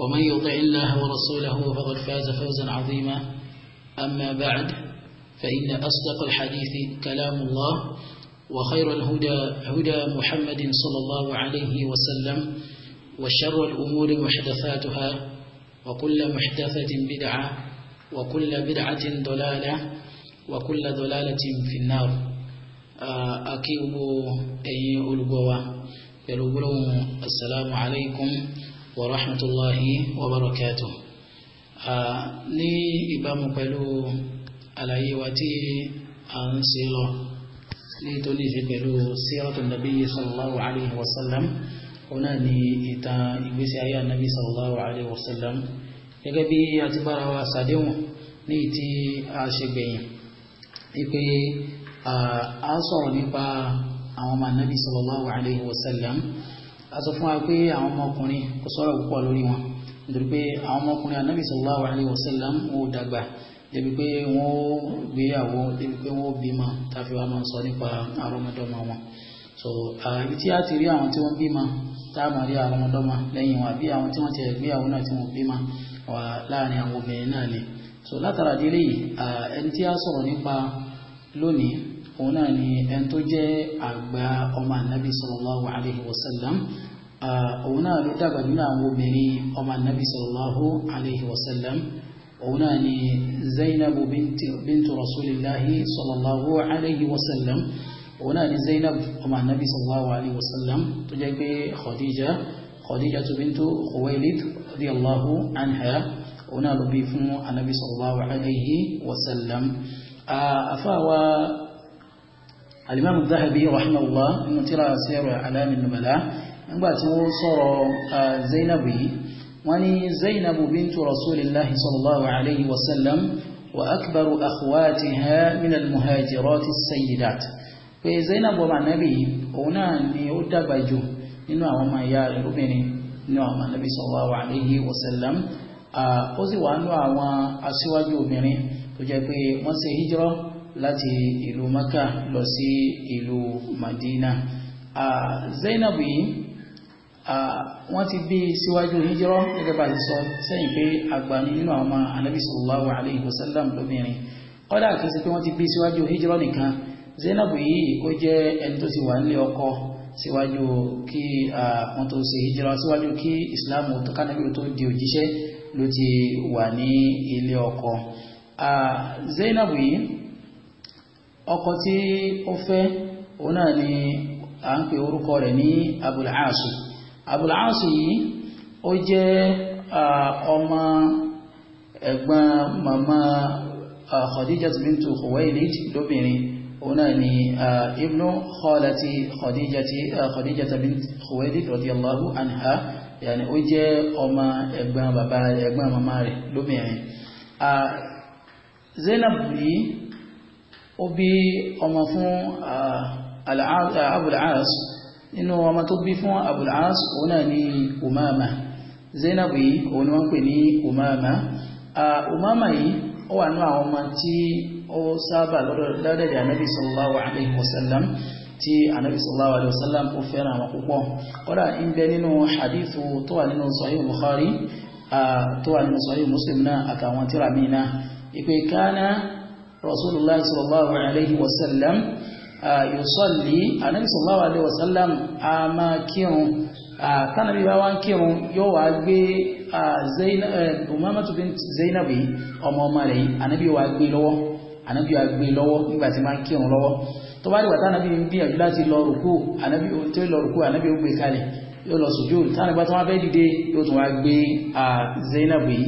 ومن يطع الله ورسوله فقد فاز فوزا عظيما أما بعد فإن أصدق الحديث كلام الله وخير الهدى هدى محمد صلى الله عليه وسلم وشر الأمور محدثاتها وكل محدثة بدعة وكل بدعة ضلالة وكل ضلالة في النار آه، أكيب أي ألقوا يلقون السلام عليكم wa rahmatullahi wa barakatuh ní ìbámu pẹ̀lú àlàyé wa tí a ń ṣe lọ ní tó ní ṣe pẹ̀lú sírátù nàbí sallallahu alaihi wasallam ọ̀nà ni ìtàn ìgbésí ayé nàbí sallallahu alaihi wasallam gẹ́gẹ́ bí a ti bára wa sàdéhùn ní tí a ṣe gbẹ̀yìn wípé a sọ̀rọ̀ nípa àwọn ọmọ nàbí sallallahu alaihi wasallam a sọ fún wa pé àwọn ọmọkùnrin kò sọ̀rọ̀ púpọ̀ lórí wọn nítorí pé àwọn ọmọkùnrin anabi sallallahu alayhi wa sallam ó dàgbà débi pé wọ́n gbéyàwó débi pé wọ́n bímọ tàbí wọ́n máa ń sọ nípa àrọ́mọdọ́mọ wọn so ibi tí a ti rí àwọn tí wọ́n bímọ tá a máa rí àrọ́mọdọ́mọ lẹ́yìn wọn àbí àwọn tí wọ́n ti gbéyàwó náà tí wọ́n bímọ wà láàrin àwọn obìnrin náà ni so látara délé yìí ẹni tí a sọ̀rọ̀ nípa lónìí òun náà ni ẹn tó jẹ́ àgbà ọmọ ànábì sallallahu alayhi wa sallam òun náà ló dàgbà nínú àwọn obìnrin ọmọ ànábì sallallahu alayhi wa sallam òun náà ni zainabu bintu rasulillahi sallallahu alayhi wa sallam òun náà ni zainab ọmọ ànábì sallallahu alayhi wa sallam tó jẹ́ pé khadija khadija bintu khuwailid radiyallahu anha òun náà ló bí fún ànábì sallallahu alayhi wa sallam àfáà wa alimami zahabi rahimahullah nínú tírà sẹ́rọ alamin nubala nígbà tí wọ́n sọ̀rọ̀ zainabu yìí wọ́n ní zainabu bintu rasulillahi sallallahu alayhi wa sallam wa akbaru akhwatiha min almuhajirati sayyidat pé zainabu ọmọ anabi òun náà ni ó dàgbà jù nínú àwọn ọmọ ìyá rẹ̀ lóbìnrin nínú àwọn anabi sallallahu alayhi wa sallam ó sì wà nínú àwọn aṣíwájú obìnrin tó jẹ́ pé wọ́n ṣe hijira láti ìlú maka lọ sí ìlú madina zainab yìí wọ́n ti bí síwájú hijira gẹ́gẹ́ bá ti sọ sẹ́yìn pé àgbà nínú àwọn anabi sallallahu alayhi wa sallam lóbìnrin kọ́dà kìí ṣe pé wọ́n ti bí síwájú hijira nìkan zainab yìí ó jẹ́ ẹni tó ti wà nílé ọkọ síwájú kí wọ́n tó ṣe hijira síwájú kí islam tó kánábí tó di òjíṣẹ́ ló ti wà ní ilé ọkọ zainab yìí ọkọ tí ó fẹ́ òun náà ni à ń pè orúkọ rẹ̀ ní Abul Aasi Abul Aasi yìí ó jẹ́ ọmọ ẹ̀gbọ́n màmá Khadija bintu Khuwailid lóbìnrin òun náà ni ibnu khalati Khadija bintu Khuwailid radiyallahu anha yàni ó jẹ́ ọmọ ẹ̀gbọ́n bàbá ẹ̀gbọ́n màmá rẹ̀ lóbìnrin Zainab yìí ó bí ọmọ fún abúl'as nínú ọmọ tó bí fún abúl'as òun náà ni umama zainab yìí òun wọ́n pè ní umama umama yìí ó wà ní àwọn ọmọ tí ó sábà lọ́dẹ̀dẹ̀ anábì sallallahu alaihi wasallam tí anábì sallallahu alaihi wasallam ó fẹ́ràn àwọn púpọ̀ kọ́dà ń bẹ nínú hadithu tó wà nínú sahih bukhari tó wà nínú sahih muslim náà àtàwọn tíra míì ìpè kánà رسول الله صلى الله عليه وسلم يصلي النبي صلى الله عليه وسلم أما كيرون كان بيبا وان كيرون يو أجبي زين أمامة بنت زينب أم مالي النبي وأجبي لو النبي وأجبي لو نبات ما كيرون لو tó bá dìgbà tánàbí ń gbìyànjú láti lọ rùkú ànábí tó lọ rùkú ànábí ó gbé kalẹ̀ yóò lọ sùjú tánàbí tó wá fẹ́ dìde yóò tún wá gbé Zainab yìí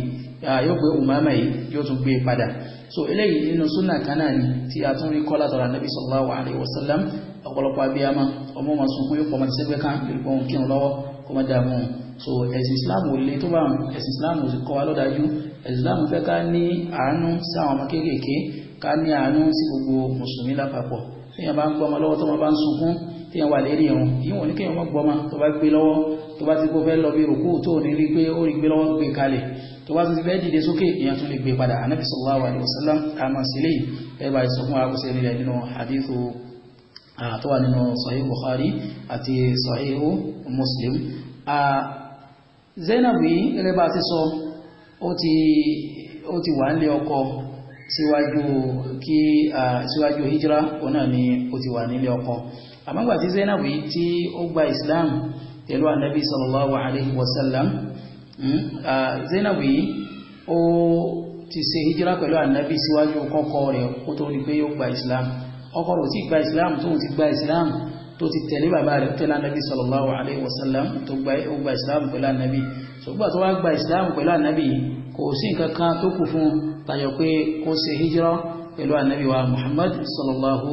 yóò gbé Umama yìí yóò tún gbé padà so eléyìí nínú súnà kan náà ni tí a tún rí kọ́ látara nabi sallallahu alayhi wa sallam ọ̀pọ̀lọpọ̀ abiyama ọmọ ma sunkún yóò pọ̀mọ́ ti kan ìrìkọ́ òun kírun lọ́wọ́ kó má dààmú so ẹ̀sìn islam ò le tó bá ẹ̀sìn islam ò sì kọ́ wa lọ́dájú ẹ̀sìn islam fẹ́ ká ní àánú sí àwọn ọmọ kéékèèké ká ní àánú sí gbogbo mùsùlùmí lápapọ̀ téèyàn bá ń gbọ́mọ lọ́wọ́ tó wọn bá ń sunkún téèyàn wà lérí ẹ̀hún ìwọ̀n ní kéèyàn mọ́ gbọ́mọ tó bá gbé lọ́wọ́ tó bá ti kó fẹ́ lọ bí rògbò tó ní rí pé ó rí gbé lọ́wọ́ gbé kalẹ̀ tó wá ti fẹ́ dìde sókè èèyàn tún lè gbé padà anabi sallallahu alayhi hadithu tó wà nínú sahih bukhari àti sahih muslim. zainab yìí gẹ́gẹ́ bá ti sọ ó ti ó ti wà nílé ọkọ síwájú kí síwájú hijira òun náà ni ó ti wà nílé ọkọ àmọ́gbà tí zainab yìí tí ó gba islam pẹ̀lú anabi sallallahu alayhi wa Hmm? Zainab yìí ó ti ṣe hijira pẹ̀lú ànábì síwájú kọ́kọ́ rẹ̀ kó tó rí pé yóò gba islam ọkọ rẹ̀ sì gba islam tóun ti gba islam tó ti tẹ̀lé bàbá rẹ̀ tẹ̀lé ànábì sallallahu alaihi wasallam tó gba islam pẹ̀lú ànábì ṣùgbà tó wá gba islam pẹ̀lú ànábì kò sí nǹkan kan tó kù fún tayọ pé kó ṣe hijira pẹ̀lú ànábì wa muhammad sallallahu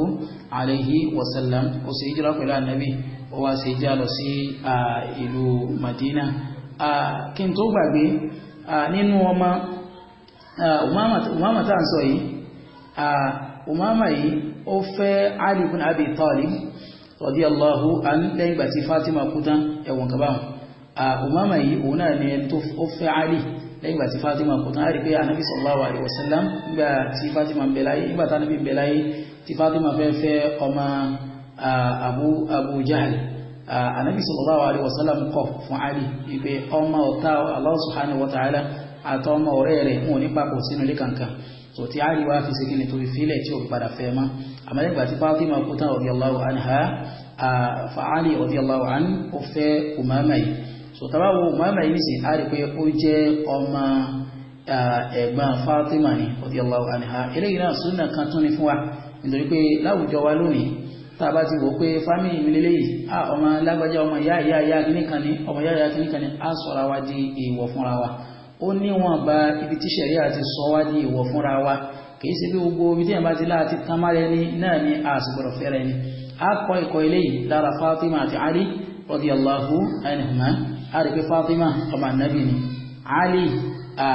alaihi wasallam kó ṣe hijira pẹ̀lú ànábì ó wá ṣe hijira lọ sí ìlú madina kí n tó gbàgbé nínú ọmọ umama tá à ń sọ yìí umama yìí ó fẹ́ Ali Abi Talib radiyallahu an lẹ́yìn ìgbà tí Fatima kú tán ẹ̀wọ̀n kabáhùn umama yìí òun náà ni ẹni tó fẹ́ Ali lẹ́yìn ìgbà tí Fatima kú tán á rí pé anabi sallallahu alayhi wa sallam nígbà tí Fatima ń bẹ láyé tí anabi ń bẹ tí Fatima fẹ́ fẹ́ ọmọ Abu Abu anabi sallallahu alaihi wasallam kọ̀ fún ali wípé ọmọ ọ̀tá Allah subhanahu wa ta'ala àtọ ọmọ ọ̀rẹ́ rẹ̀ wọn ò ní papọ̀ sínú ilé kankan tó ti ali wá fi segin ní torí fílẹ̀ tí ò padà fẹ́ mọ́ àmàlẹ́gbà tí fatima kú tán radiyallahu anha fa ali radiyallahu anhu ó fẹ́ umama yìí so tàbá wo umama yìí nìsín a rí pé ó ọmọ ẹ̀gbọ́n fatima ni radiyallahu anha eléyìí náà súnà kan tún ni fún wa nítorí pé láwùjọ wa lónìí tá a bá ti wò pé fámìlì mi lélẹ́yìí a ọmọ lágbájá ọmọ ìyá ìyá ìyá kìíní kan ní ọmọ ìyá ìyá kìíní kan a sọ̀ra wa di èèwọ̀ fúnra wa ó níwọ̀n ba ibi tí sẹ̀rí àti sọ wá di èèwọ̀ fúnra wa kì í ṣe bí gbogbo ibi tí yẹn bá ti láà ti tán mára ẹni náà ní àsìgbọ̀rọ̀ fẹ́rẹ̀ ni a kọ ẹ̀kọ́ eléyìí lára Fatima àti Ali radiyallahu anhuma a rí pé Fatima ọmọ anabi ni Ali a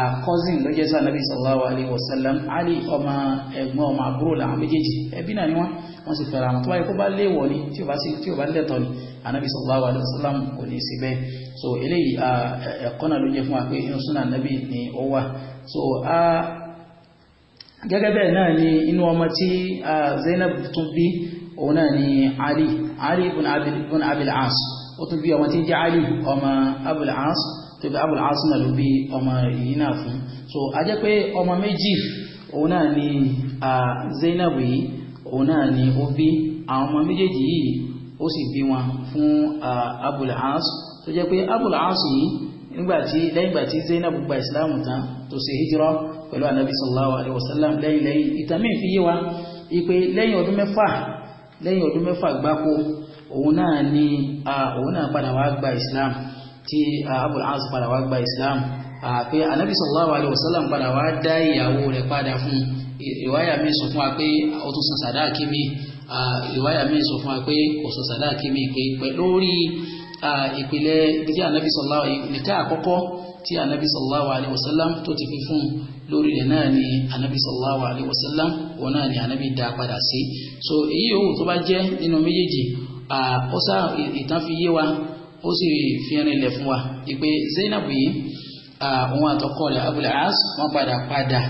ló jẹ́ anabi sallallahu alayhi wa sallam Ali ọmọ ẹ̀gbọ́n ọmọ àbúrò làwọn méjèèjì ẹbí náà ni wọ́n wọ́n sì fẹ́ra wọn tó báyìí kó bá léèwọ̀ ni tí ò bá sí tí ò bá lẹ́tọ̀ ni anabi sallallahu alayhi wa sallam kò ní sí bẹ́ẹ̀ so eléyìí ẹ̀kọ́ náà ló jẹ́ fún wa pé inú súnà anabi ni ó wà so gẹ́gẹ́ bẹ́ẹ̀ náà ni inú ọmọ tí Zainab tún bí òun náà ni Ali Ali ibn Abil As ó tún bí ọmọ tí jẹ́ Ali ọmọ Abil As tó bí Abil As náà ló bí ọmọ yìí náà fún so a jẹ́ pé ọmọ méjì òun náà ni Zainab yìí òun náà ni ó bí àwọn ọmọ méjèèjì yìí ó sì bí wọn fún Abul As tó jẹ́ pé Abul As yìí nígbàtí lẹ́yìn ìgbàtí Zainab gba ìsìláàmù tán tó ṣe hijira pẹ̀lú anabi sallallahu alayhi wa sallam lẹ́yìn lẹ́yìn ìtàmì fi yé wa ipe lẹ́yìn ọdún mẹ́fà lẹ́yìn ọdún mẹ́fà gbáko òun náà ni òun náà padà wá gba ìsìláàmù tí Abul As padà wá gba ìsìláàmù àpé anabi sallallahu alayhi wa sallam padà wá dá ìyàwó rẹ̀ padà fún un ìwáyà mi sọ fún wa pé ó tún san sàdáàkì mi ìwáyà mi sọ fún wa pé kò san sàdáàkì mi pé pẹ̀lú orí ìpìlẹ̀ ibi tí anabi sallallahu nìkan àkọ́kọ́ tí anabi sallallahu alayhi wa tó ti fi fún lórí rẹ̀ náà ni anabi sallallahu alayhi wa òun náà ni anabi dá padà sí so èyí yòówù tó bá jẹ́ nínú méjèèjì ó sá ìtàn fi yé wa ó sì fi rinlẹ̀ fún wa ìpè Zainab yìí òun àtọkọ rẹ̀ Abul As wọn padà padà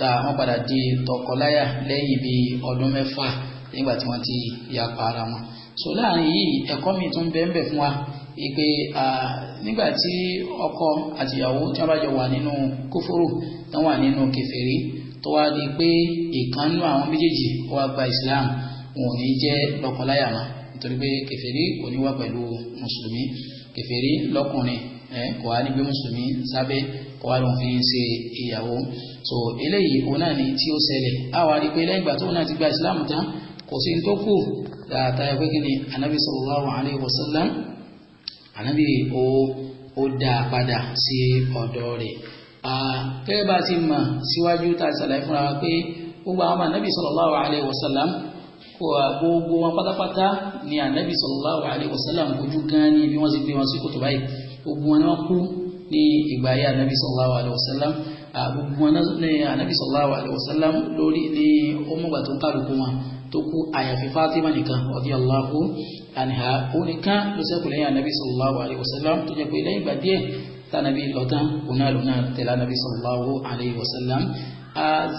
wọ́n padà di tọkọláyà lẹ́yìn bíi ọdún mẹ́fà nígbà tí wọ́n ti yapa ara wọn so láàrin yìí ẹ̀kọ́ mi tún bẹ́ẹ̀ bẹ́ẹ̀ fún wa ìpè nígbà tí ọkọ àtìyàwó tí wọ́n bá jọ wà nínú kófóró tí wọ́n wà nínú kẹfẹ́rí tó wá di pé ìkànnú àwọn méjèèjì ó gba Islam wọn ò ní jẹ́ lọ́kọláyà mọ́ nítorí pé kẹfẹ́rí kò ní wá pẹ̀lú mùsùlùmí kẹfẹ́rí lọ́kùnrin kò wá ní gbé mùsùlùmí sábẹ́ wá lóun fi ń ṣe ìyàwó so eléyìí òun náà ni tí ó ṣẹlẹ̀ àwa rí pé lẹ́yìn ìgbà náà ti gba ìsìláàmù tán kò sí ní tó kù dáadáa pé kí anabi sallallahu alayhi wa anabi ó ó dá a padà sí ọ̀dọ̀ rẹ̀ kẹ́ẹ̀ bá ti mọ̀ síwájú tá a ṣàlàyé fúnra wa pé gbogbo àwọn anabi sallallahu alayhi wa sallam gbogbo wọn pátápátá ni anabi sallallahu alayhi wa sallam kojú gan ni bí wọ́n ti gbé wọn sí kòtò báyìí gbogbo wọn ni wọ́n kú ní ìgbà ayé anabi sallallahu alayhi wa sallam gbogbo wọn ní anabi sallallahu alayhi wa sallam lórí ní ọmọgbà tó kálukú wọn tó kú àyàfi fatima nìkan radiyallahu anha òun nìkan ló ṣẹ́kù lẹ́yìn anabi sallallahu alayhi wa sallam tó jẹ́ pé lẹ́yìn ìgbà díẹ̀ tánàbí lọ́tàn òun náà lòun náà tẹ̀lé anabi sallallahu alayhi wa sallam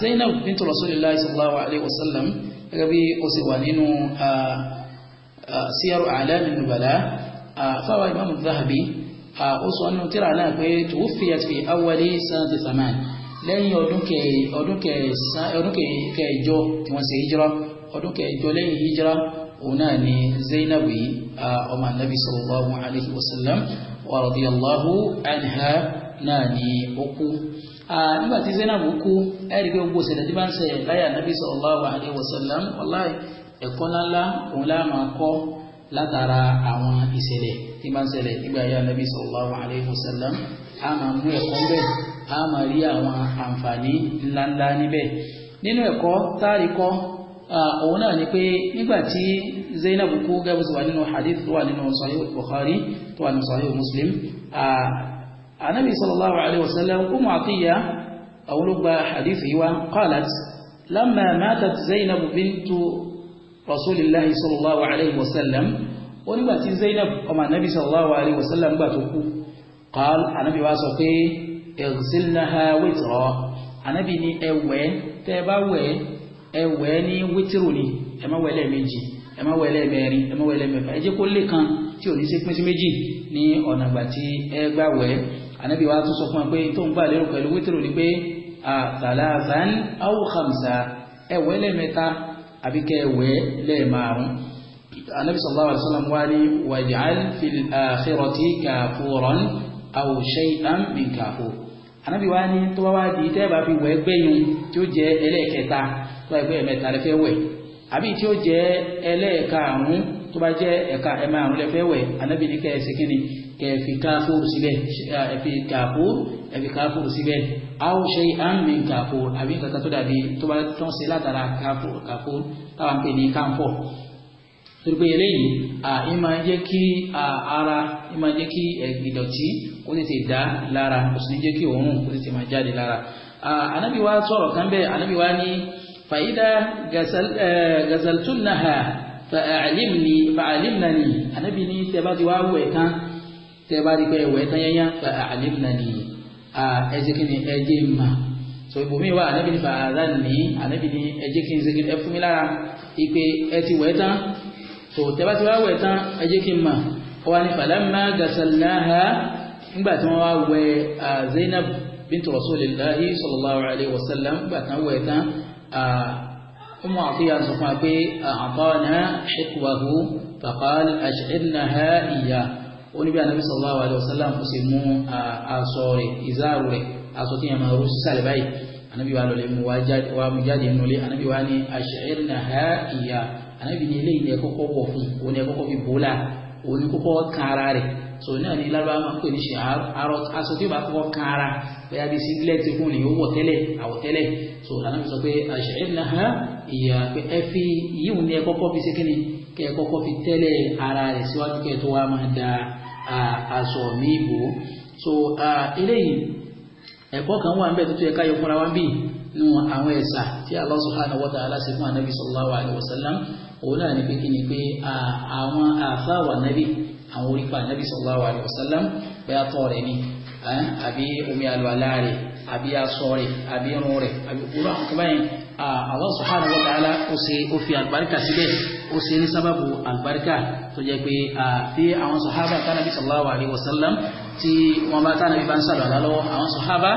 zainab bintu rasulillah sallallahu alayhi wa sallam gẹ́gẹ́ bí ó sì ó sọ nínú tíra náà pé tòun fi àti awọlé san ti sàmán lẹ́yìn ọdún kẹjọ tí wọ́n ṣe hijira ọdún kẹjọ lẹ́yìn hijira òun náà ni Zainab yìí ọmọ anabi sallallahu alayhi wa sallam wa radiyallahu anha náà ni ó kú nígbà tí Zainab kú ẹ̀rí pé gbogbo ìṣẹ̀lẹ̀ tí bá ń ṣe láyà anabi sallallahu alayhi wa sallam wallahi ẹ̀kọ́ ńláńlá òun láà máa kọ́ látara àwọn ìṣẹ̀lẹ̀ tí máa ń ṣẹlẹ̀ nígbà ayé anabi sallallahu alayhi wa sallam a máa mú ẹ̀kọ́ bẹ́ẹ̀ a máa rí àwọn àǹfààní ńláńlá níbẹ̀ nínú ẹ̀kọ́ táàrí kọ́ òun náà ni pé nígbà tí Zainab kú gẹ́gẹ́ sí wà nínú hadith tó wà nínú Sahih Bukhari tó wà nínú Sahih Muslim anabi sallallahu alayhi wa sallam Ummu Atiyya hadith yìí wá qalat lamma matat Zainab bintu rasulillahi sallallahu alayhi ó nígbà tí Zainab ọmọ anabi sallallahu alayhi wa sallam gbà tó kú qal anabi wa sọ pé ẹ̀rùsílnáha wítìrọ̀ anabi ni ẹwẹ́ tẹ́ ẹ bá wẹ̀ ẹwẹ́ ní wítìrù ni ẹ má wẹ̀ lẹ́ẹ̀mejì ẹ má wẹ̀ lẹ́ẹ̀mẹrin ẹ má wẹ̀ lẹ́ẹ̀mẹfà ẹ jẹ́ kó lè kan tí ò ní ṣe pín sí méjì ní ọ̀nà àgbà tí ẹ gbà wẹ̀ anabi wa tún sọ fún wa pé tó ń gbà lérò pẹ̀lú wítìrù ni pé àtàlàzán aw anabi sallallahu alaihi wasallam wá ní waj'al fil akhirati kafuran aw shay'an min kafur anabi wá ní tó bá wá di tẹ́ bá fi wẹ̀ gbẹ̀yìn tí ó jẹ́ ẹlẹ́ẹ̀kẹta tó ẹgbẹ́ ẹ̀mẹta rẹ fẹ́ wẹ̀ àbí tí ó jẹ́ ẹlẹ́ẹ̀ka àrùn tó bá jẹ́ ẹ̀ka ẹ̀mẹ àrùn rẹ fẹ́ wẹ̀ anabi ní kẹ́ẹ̀ sí kínni kẹ́ẹ̀ fi káfóòrù síbẹ̀ ẹ̀ fi kàfóòrù ẹ̀ fi káfóòrù síbẹ̀ aw shay'an min kàfóòrù àbí nǹkan tó dàbí tó bá tán sí látara kàfóòrù táwọn pè ní káńfọ̀ torípé eléyìí àì máa jẹ́ kí ara ì máa jẹ́ kí ìdọ̀tí kó tètè dá lára kò sì ní jẹ́ kí òórùn kó tètè máa jáde lára. ànábì wa sọ̀rọ̀ kan bẹ́ẹ̀ ànábì wa ní fàyídà gazaltunaha fàálìmni fàálìmnani ànábì ní tẹ́ bá ti wá wẹ̀ tán tẹ́ bá ti pẹ́ wẹ̀ tán yẹnyẹn fàálìmnani ẹ jẹ́ kí ni ẹ jẹ́ mà so ibùmí wa ànábì ní fàálìmni ànábì ní ẹ kí n ṣe lára ìpè ẹ ti wẹ̀ tán so tẹ́bá ti wá wẹ̀ tán ẹ jẹ́ kí n mà wà ní falamma ghasalnaha nígbà tí wọ́n wá wẹ̀ Zainab bint rasulillahi sallallahu alayhi wa sallam nígbà tán wẹ̀ tán Ummu Atiyya sọ fún wa pé a'tana hitwahu faqal ash'irnaha oníbi anabi sallallahu alayhi wa sallam kò sì mú aṣọ rẹ̀ ìzáàrù rẹ̀ aṣọ tí yẹn máa rú sísàlẹ̀ báyìí anabi wa lọ wa mú jáde nulẹ̀ anabi wa ní ash'irnaha iyyah ànábì ní eléyìí ni ẹ kọ́kọ́ wọ̀ fún òun ni fi bò la òun ni kan ara rẹ̀ so náà ni lárúbá máa ń pè ní ṣe àárọ̀ aṣọ tí ó bá kọ́kọ́ kan ara bóyá bí singlet fún ni ó wọ̀ tẹ́lẹ̀ àwọ̀ tẹ́lẹ̀ so ànábì sọ pé àṣẹ ìlànà ìyá pé ẹ fi yíwùn ni ẹ kọ́kọ́ fi ṣe kíni kẹ kọ́kọ́ fi tẹ́lẹ̀ ara rẹ̀ síwájú kẹ tó wá máa da aṣọ mi bò so eléyìí ẹ̀kọ́ kan wà níbẹ̀ tó tó yẹ ká yọ fúnra wá bíi nínú àwọn ẹ̀sà tí Allah subhanahu wa ta'ala ṣe fún ànábì sallallahu alaihi wasallam òun náà ní pé kí ni pé àwọn àfáwà nábì àwọn orípa nábì sallallahu alaihi wasallam bóyá tọ́ rẹ̀ ni àbí omi àlùwàlá rẹ̀ àbí aṣọ rẹ̀ àbí irun rẹ̀ àbí òkúrò àwọn kaba yẹn Allah subhanahu wa ta'ala ó ṣe ó fi àlùbáríkà síbẹ̀ ó ṣe ní sábàbù àlùbáríkà tó jẹ́ pé àfi àwọn sàhábà tánàbí sallallahu alaihi wasallam tí wọ́n bá tánàbí bá ń sàlọ̀ lálọ́wọ́ àwọn sàhábà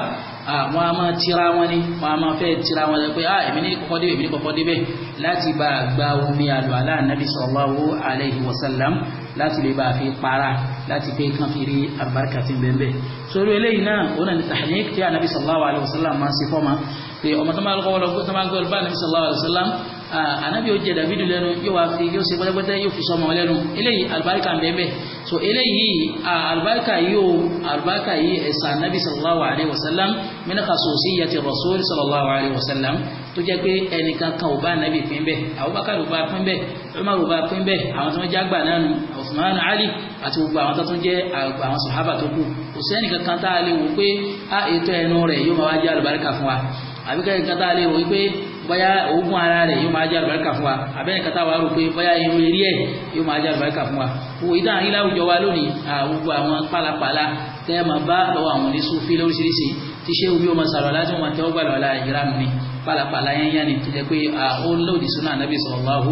àwọn ah, a máa tira wọn ni wọn a máa fẹ́ tira wọn lẹ pé a ah, èmi ní kọ́kọ́ débẹ̀ èmi ní kọ́kọ́ débẹ̀ láti bá a gba omi àlọ́ àlá nàbí sallallahu alayhi wa sallam láti lè bá a fi para láti pé kàn fi rí àbáríkà ti bẹ́ẹ̀ bẹ́ẹ̀ sórí eléyìí náà òun náà ni tahnik tí anabi sallallahu alayhi wa sallam máa ń ṣe fọ́ọ̀mà pé ọmọ tó máa lọ́wọ́ lọ́wọ́ tó máa gbọ́ bá anabi sallallahu alayhi wa sallam anabi yóò jẹ dàbídù lẹ́nu yóò wá fi yóò ṣe pẹ́tẹ́pẹ́tẹ́ yóò fi sọmọ lẹ́nu eléyìí alibarika ń bẹ́ẹ̀ so eléyìí alibarika yóò alibarika yìí ẹ̀sà anabi sallallahu alayhi wa sallam min khususiyyati rasul sallallahu alayhi wa sallam tó jẹ́ pé ẹnìkan kan ò bá anabi pín bẹ́ẹ̀ abubakar ò bá pín bẹ́ẹ̀ umar ò bá pín bẹ́ẹ̀ àwọn tó ń jágbà náà usman ali àti gbogbo àwọn tó tún jẹ́ àwọn sòhábà tó kù kò sẹ́ni kankan tá a lè wò pé a ah, ètò ẹnu rẹ̀ yóò máa wá jẹ́ àlùbáríkà fún wa àbí kankan tá a lè wò pé bóyá oògùn ara rẹ̀ yóò máa jẹ́ àlùbáríkà fún wa àbẹ́ni kankan tá rò pé bóyá irun eré ẹ̀ yóò máa jẹ́ àlùbáríkà fún wa òwò ìdá àyín láwùjọ wa lónìí àwùjọ àwọn pálapàla tẹ́ ẹ máa bá lọ́wọ́ àwọn oníṣúfí lóríṣiríṣi tí ṣé omi ó sàrọ̀ láti wọn tẹ́ ó gbà pálapàla yẹn yẹn ni tó jẹ́ pé ó lòdì sínú ànábì sallallahu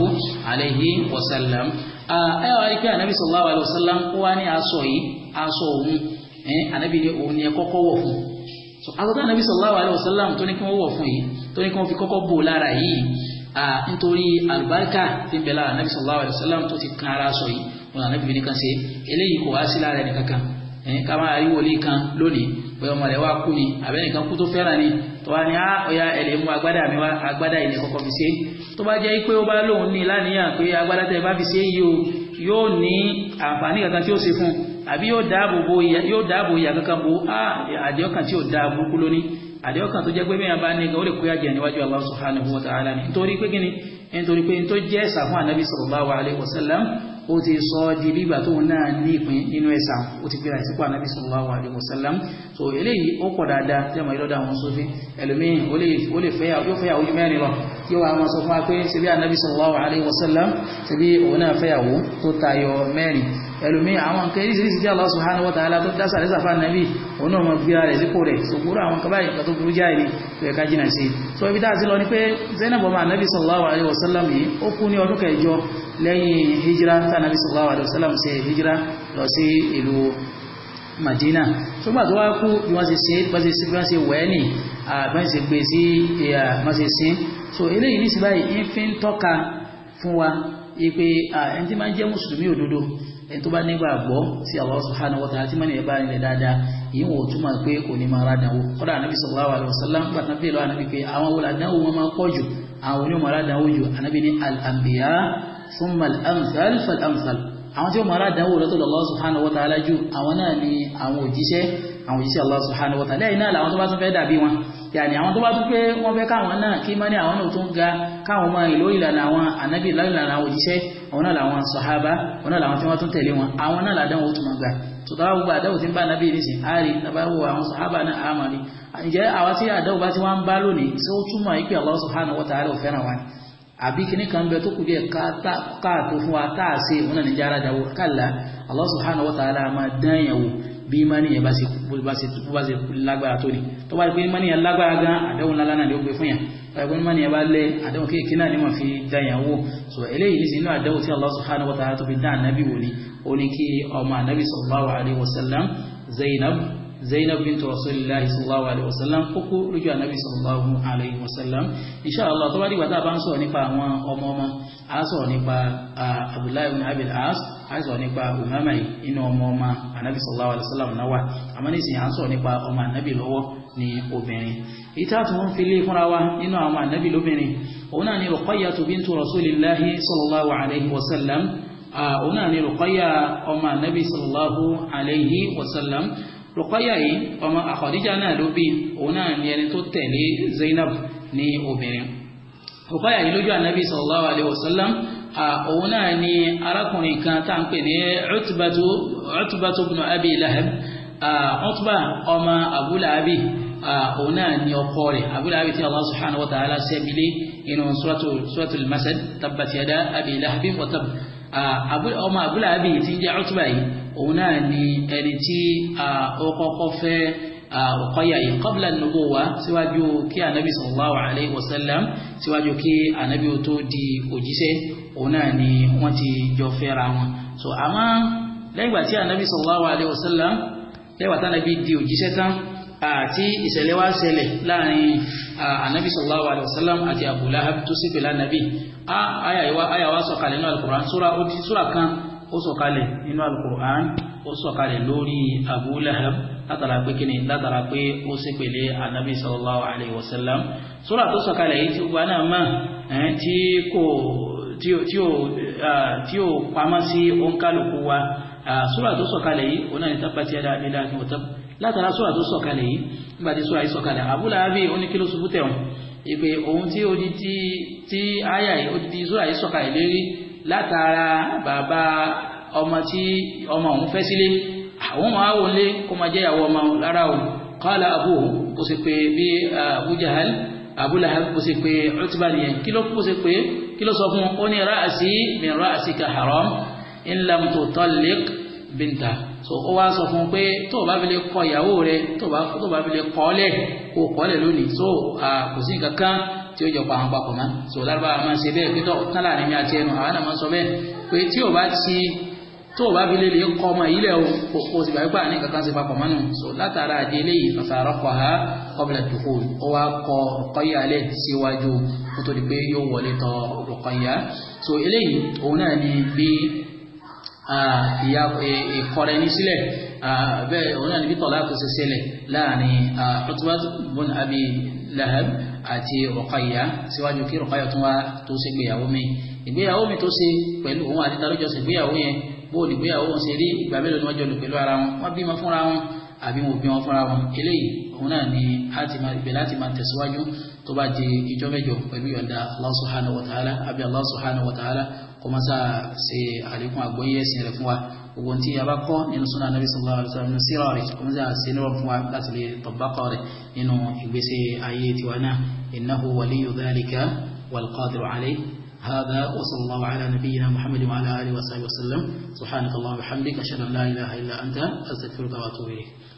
alaihi wasallam ẹ wá rí pé ànábì sallallahu alaihi wasallam ó wá ní aṣọ yìí aṣọ òun anabi eh, ni òun ni ẹ kọ́kọ́ wọ̀ fún so aṣọ tí anabi sallallahu alayhi wa sallam tó ní kí wọ́n wọ̀ fún yìí tó ní kí wọ́n fi kọ́kọ́ bò lára yìí nítorí àlùbáríkà tí ń bẹ lára anabi sallallahu alayhi wa sallam tó ti kan ara sọ yìí wọn anabi bi nìkan ṣe eléyìí kò wá sí lára ẹni kankan ẹ̀ eh, ká máa rí wòlíì kan lónìí bóyá ọmọ rẹ̀ wá kú ni àbẹ́nìkan kú tó fẹ́ràn ni tó wá ní ọ̀yà ẹ̀lẹ́ mú agbádá mi wá agbádá ilẹ̀ kọ̀kọ́ fi ṣe tó bá jẹ́ pé ó bá lóun ní láníyàn pé agbádá tẹ́ bá fi ṣe yìí o yóò ní àǹfààní kankan tí ó ṣe fún un àbí yóò dáàbò bo ìyà yóò dáàbò ìyà kankan bo àdéhùkàn tí yóò dáa burúkú lónìí àdéhùkàn tó jẹ́ pé bẹ́ẹ̀ bá ní gan ó lè kó yàjẹ́ níwájú Allah subhanahu wa ta'ala ni nítorí pé kíni nítorí pé tó jẹ́ ẹ̀sà fún ànábì sallallahu alaihi wasallam ó ti sọ di bígbà tóun náà ní ìpín nínú ẹ̀sà ó ti gbéra ìsìnkú ànábì sallallahu alaihi wasallam tó eléyìí ó pọ̀ dáadáa tí a máa lọ́dọ̀ àwọn sófin ẹlòmíín ó lè fẹ́ yóò fẹ́ yàwó mẹ́rin lọ yóò wá máa sọ fún wa pé ṣebí ànábì sallallahu alaihi wasallam ṣebí òun náà fẹ́ yàwó tó tayọ mẹ́rin ẹlòmí àwọn nǹkan eríṣiríṣi tí Allah subhanahu wa ta'ala tó dásà lẹ́sà fún ànábì òun náà mọ̀ gbéra rẹ̀ sípò rẹ̀ so gbúrò àwọn so ibi táà sí lọ ni pé Zainab ọmọ ànábì sallallahu alaihi wasallam yìí ó kú ní ọdún kẹjọ lẹ́yìn hijira tá ànábì sallallahu alaihi sí ìlú Madina tó gbà tó wá kú bí wọ́n ṣe ṣe bí wọ́n ṣe wẹ́ ní àbẹ́n so eléyìí ní sí báyìí ń fi ń tọ́ka fún wa ipe ẹni tí máa ń jẹ́ mùsùlùmí òdodo ẹni tó bá nígbàgbọ́ sí Allah subhanahu wa ta'ala tí mọ́ni ẹ̀ bá nílẹ̀ dáadáa yìí wọ́n túmọ̀ pé kò ní máa rádàwó kọ́dà anábì sallallahu alaihi wasallam gbàtàn bẹ́ẹ̀ lọ anábì pé àwọn wọlé àdánwò wọn máa pọ̀ jù àwọn onímọ̀ rádàwó jù anábì ní al-anbiya thumma al-amthal àwọn tí ó máa rádàwó lọ́tọ̀dọ̀ Allah subhanahu wa ta'ala jù àwọn náà ni àwọn òjíṣẹ́ àwọn òjíṣẹ́ yàní àwọn tó bá tún pé wọ́n fẹ́ káwọn náà kí mọ́ ní àwọn náà tó ń ga káwọn ọmọ ìlú ìlànà àwọn ànábì ìlànà àwọn òjíṣẹ́ àwọn náà làwọn sàhábà àwọn náà làwọn tí wọ́n tún tẹ̀lé wọn àwọn náà làdáwọn ó tún máa gbà tó tàbá gbogbo àdáwò tí ń bá ànábì nísìn àárí tàbá wo àwọn sàhábà náà àmọ́ ni ǹjẹ́ àwa tí àdáwò bá ti wá ń bá lónìí tí túmọ̀ bí imani yẹn bá ṣe bó bá ṣe lágbára tó ni tó bá rí pé imani yẹn lágbára gan àdéhùn ńlá náà ni ó gbé fún yàn tó bá rí pé imani yẹn bá lé àdéhùn kéèké náà ni wọ́n fi da yàn wò so eléyìí ní sinú àdéhùn tí Allah subhanahu wa ta'ala tó fi dá ànábì wò ni ó ní kí ọmọ ànábì sallallahu alayhi wa sallam Zainab Zainab bint Rasulillahi sallallahu alaihi wasallam kókó lójú ànábì sallallahu alaihi wasallam insha Allah tó bá dìgbà tá a bá ń sọ̀rọ̀ nípa àwọn ọmọ ọmọ a sọ nípa umama yìí inú ọmọ ọmọ anabi sallallahu alayhi wa sallam náà wà àmọ́ nísìnyí à ń sọ nípa ọmọ anabi lọ́wọ́ ní obìnrin ìtàtù ń fi lé fúnra wa nínú àwọn anabi lóbìnrin òun náà ni Ruqayyatu bintu rasulillahi sallallahu alayhi wa òun náà ni Ruqayya ọmọ anabi sallallahu alayhi wa sallam yìí ọmọ Khadija náà ló bí òun náà ni ẹni tó tẹ̀lé Zainab ní obìnrin Ruqayya yìí lójú anabi sallallahu alayhi wa òun náà ni arákùnrin kan tá à ń pè ní Utbatu Utbatu ibn Abi Lahab Utba ọmọ Abu Lahabi òun náà ni ọkọ rẹ̀ Abu Lahabi tí Allah subhanahu wa ta'ala sẹ́mílé inú suratul Masad tabbat yada Abi Lahab wa tabb ọmọ Abu Lahabi tí ń jẹ́ Utba yìí òun náà ni ẹni tí ó kọ́kọ́ fẹ́ ọ̀kọ́yà yìí qabla nubuwa síwájú kí anabi sallallahu alayhi wa sallam síwájú kí anabi tó di òjíṣẹ́ òun náà ni wọ́n ti jọ fẹ́ra wọn so àmọ́ lẹ́yìn ìgbà tí anabi sallallahu alayhi wa sallam lẹ́yìn ìgbà tí anabi di òjíṣẹ́ tán àti ìṣẹ̀lẹ̀ wá ṣẹlẹ̀ láàrin anabi sallallahu alayhi wa sallam àti Abu Lahab tó sì pèlè anabi àyà wa sọ̀kalẹ̀ nínú alukur'an sura kan ó sọ̀kalẹ̀ nínú alukur'an ó sọ̀kalẹ̀ lórí Abu Lahab látara pé kíni látara pé ó sì pèlè anabi sallallahu alayhi wa sallam sura tó sọ̀kalẹ̀ yìí ti gbaná mọ́ tí kò tí ó tí ó tí ó pamọ́ sí òǹkàlùkù wa sura tó sọ̀kalẹ̀ yìí òun náà ní tábàtì ẹ̀dá àbílá ní wọ́tá látara sura tó sọ̀kalẹ̀ yìí nígbà tí sura yìí sọ̀kalẹ̀ Abu Lahabi oníkìló ṣubú tẹ̀wọ̀n ìpè òun tí ó di ti ti àyà yìí ó di sura yìí sọ̀kalẹ̀ lérí látara bàbá ọmọ tí ọmọ òun fẹ́ sílé àwọn ọmọ àwọn olè kó máa jẹ́ ọmọ lára o qala abu kó sì pé Abu Jahal Abu Lahab kó sì kí ló sọ fún un ó ní ra'asi min ra'asika haram in lam tutalliq binta so ó wá sọ fún un pé tó o bá fi lè kọ ìyàwó rẹ tó o bá fi lè kọ́ lẹ̀ kó o kọ́ lẹ̀ lónìí so kò sí nǹkan kan tí ó jọ pa àwọn papọ̀ mọ́ so lárúbáwá máa ń ṣe bẹ́ẹ̀ pé tọ́ tán láàrin mi àti ẹnu àwọn àmọ́ sọ bẹ́ẹ̀ pé tí o bá ti tó o bá fi lè lè kọ́ ọmọ yìí lẹ̀ o kò sì báyìí pa ní kankan sí papọ̀ mọ́nù so látara àdé eléyìí fàfàrọ̀ kọ́ ha qabla dukhul ó wá kọ Ruqayya alẹ́ síwájú kó tó di pé yóò wọlé tọ̀ Ruqayya so eléyìí òun náà ni bí ìyá ìkọrẹ ní sílẹ̀ bẹ́ẹ̀ òun náà ni bí tọ̀lá kò ṣe ṣẹlẹ̀ láàrin Utbah bun Abi Lahab àti Ruqayya síwájú kí Ruqayya tún wá tó ṣe gbéyàwó mi ìgbéyàwó mi tó ṣe pẹ̀lú òun àti talójọsìn yẹn bó o nìgbéyàwó wọn ṣe rí ìgbà mélòó ni wọ́n jọ lò pẹ̀lú ara wọn wọ́n bímọ fúnra wọn àbí wọn ò bímọ fúnra wọn eléyìí òun náà ni ibẹ̀ láti máa tẹ̀síwájú tó bá di ìjọ mẹ́jọ pẹ̀lú yọ̀ǹda Allah subhanahu wa àbí Allah subhanahu wa kó máa sá ṣe àlékún àgbọ́yé ẹ̀sìn rẹ̀ fún wa gbogbo tí a bá kọ́ nínú súnà nàbí sallallahu alaihi wasallam síra rẹ̀ kó máa sá ṣe níwọ̀n هذا وصلى الله على نبينا محمد وعلى آله وصحبه وسلم سبحانك اللهم وبحمدك أشهد أن لا إله إلا أنت أستغفرك وأتوب إليك